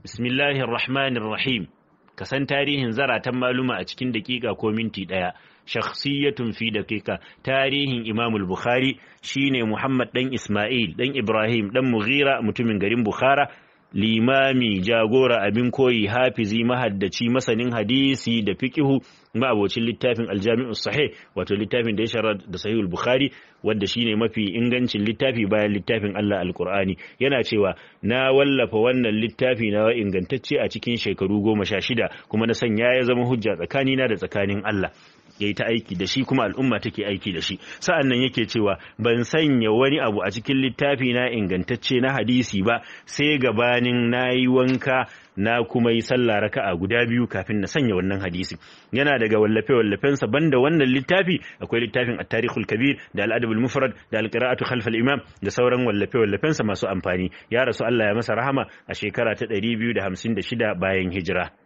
bismillahirrahmanirrahim rahmanir rahim ka san tarihin zaratan maluma a cikin daƙiƙa ko minti ɗaya shakhsiyatun fi daƙiƙa tarihin imamul bukhari shine muhammad dan isma'il dan ibrahim dan mughira mutumin garin bukhara limami jagora abin koyi hafizi mahaddaci masanin hadisi da fiqihu ma'abocin littafin aljami'u sahih wato littafin da ya shara da sahihul bukhari wanda shine mafi ingancin littafi bayan littafin Allah alqur'ani yana cewa na wallafa wannan littafi na ingantacce a cikin shekaru goma sha shida kuma na sanya ya zama hujja tsakanina da tsakanin Allah yi ta aiki da shi kuma al'umma take aiki da shi sa'an nan yake cewa ban sanya wani abu a cikin littafi na ingantacce na hadisi ba sai gabanin na yi wanka na kuma yi sallah raka'a guda biyu kafin na sanya wannan hadisi yana daga wallafe wallafensa banda wannan littafi akwai littafin a tarikhul kabir da al-adab mufrad da al-qira'atu khalf al-imam da sauran wallafe wallafensa masu amfani ya rasu Allah ya masa rahama a shekara ta ɗari biyu da da hamsin shida bayan hijira